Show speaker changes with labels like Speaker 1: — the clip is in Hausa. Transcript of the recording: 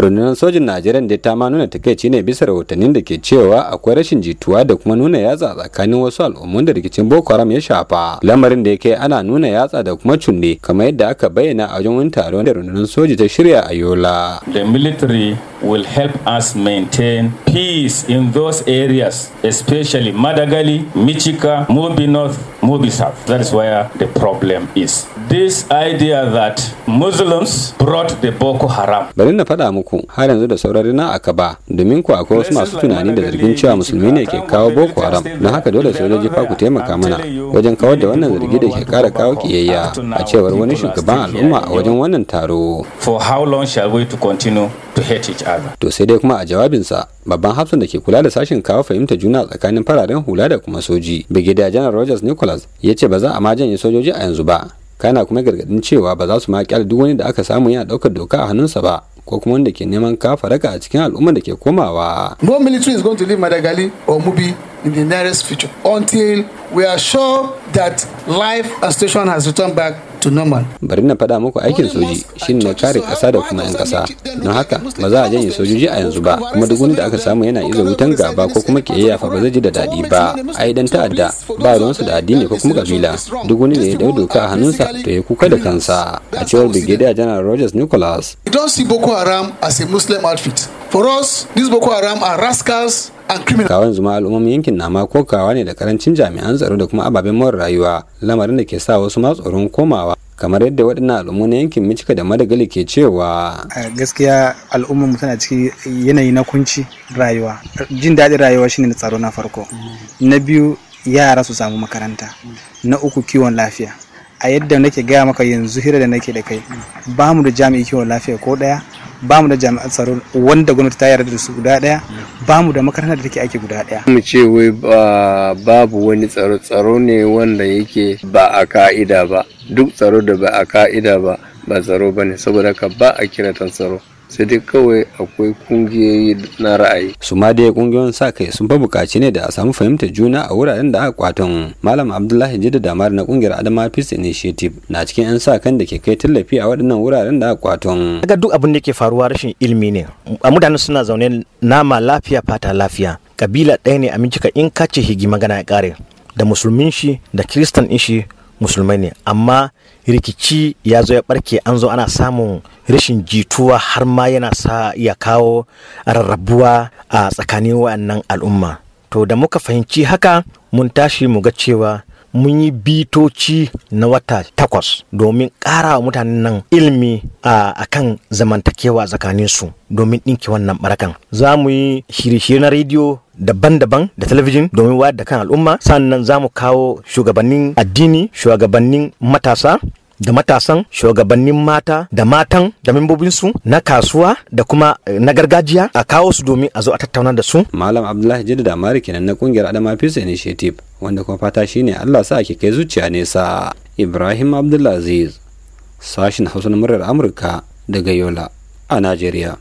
Speaker 1: rundunar sojin najeriya da ta ma nuna takaici ne bisa rahotannin da ke cewa akwai rashin jituwa da kuma nuna yatsa tsakanin wasu al'ummun da rikicin boko haram ya shafa lamarin da yake ana nuna yatsa da kuma cunne kamar yadda aka bayyana a wajen wani taron da rundunar soji ta shirya a yola
Speaker 2: the military will help us maintain peace in those areas especially madagali michika mobi north Mubisaf. That is where the problem is. This idea that Muslims brought the Boko Haram.
Speaker 1: Bari na faɗa muku har yanzu da saurari na aka ba domin ku akwai wasu masu tunani da zargin cewa musulmi ne ke kawo Boko Haram na haka dole sojoji fa ku taimaka mana wajen kawar da wannan zargi da ke kara kawo kiyayya a cewar wani shugaban al'umma a wajen wannan taro. For how long shall we to continue to hate each other. To sai dai kuma a jawabinsa babban hafsan da ke kula da sashen kawo fahimta juna tsakanin fararen hula da kuma soji. Brigadier janar Rogers Nicholas ya ce ba za a ma janye sojoji a yanzu ba. Kana kuma gargadin cewa ba za su ma kyale duk wani da aka samu yana daukar doka a hannunsa ba. ko kuma wanda ke neman kafa raka a cikin al'ummar da ke komawa. No military is going to leave
Speaker 2: Madagali or Mubi in the nearest future until we are sure that life and station has returned back
Speaker 1: to bari na faɗa muku aikin soji shi na kare ƙasa da kuma 'yan ƙasa don haka ba za a janye sojoji a yanzu ba kuma duk da aka samu yana iza wutan gaba ko kuma ke yafa ba zai ji da daɗi ba ai dan ta'adda ba ruwansu da addini ko kuma kabila duk wani da ya dau doka a hannunsa to ya kuka da kansa a cewar brigadier general rogers nicholas
Speaker 2: you don't see boko haram as a muslim outfit for us these boko haram are rascals
Speaker 1: and kawai zuma al'ummomin yankin na ma kokawa ne da karancin jami'an tsaro da kuma ababen more rayuwa lamarin da ke sa wasu ma tsoron komawa kamar yadda waɗannan al'ummu na yankin Michika da Madagali ke cewa gaskiya al'ummar mu tana cikin yanayi na kunci rayuwa jin daɗin rayuwa shine na tsaro na farko na biyu yara su samu makaranta na uku kiwon lafiya a yadda nake gaya maka yanzu hira da nake da kai ba mu da jami'i kiwon lafiya ko ɗaya ba mu da jami'an tsaro wanda gwamnati ta yarda da su guda daya ba mu da makarantar da take aiki guda daya mu ce wai babu wani tsaro tsaro ne wanda yake ba a ka'ida ba duk tsaro da ba a ka'ida ba ba tsaro bane saboda ka ba a kiratan tsaro sai dai kawai akwai kungiyoyi na ra'ayi. su ma dai kungiyoyin sa kai sun fa bukaci ne da a samu fahimtar juna a wuraren da aka kwaton malam abdullahi jida damar na kungiyar adama peace initiative na cikin 'yan sa kan da ke kai tallafi a waɗannan wuraren da aka kwaton. daga duk abin da ke faruwa rashin ilimi
Speaker 2: ne a mutane suna zaune nama lafiya fata lafiya kabila ɗaya ne a in kace higi magana ya kare da musulmin shi da kiristan shi musulmai ne amma rikici ya zo ya barke an zo ana samun rashin jituwa har ma yana sa ya kawo rarrabuwa a tsakanin wa'annan al'umma to da muka fahimci haka mun tashi mu ga cewa mun yi bitoci na wata takwas domin ƙara wa mutanen nan ilimi a kan zamantakewa tsakanin su domin ɗinke wannan barakan za mu yi shirye-shirye na rediyo daban-daban da talabijin domin wayar da kan al'umma sannan za mu kawo shugabannin addini shugabannin matasa da matasan shugabannin mata da matan da membobinsu na kasuwa da kuma
Speaker 1: eh, na gargajiya a kawo su domin a zo a tattauna da su malam abdullahi jidda da mari kenan na kungiyar adama peace initiative wanda kuma fata shine allah sa ake kai zuciya nesa ibrahim abdulaziz sashin hausa na muryar amurka daga yola a najeriya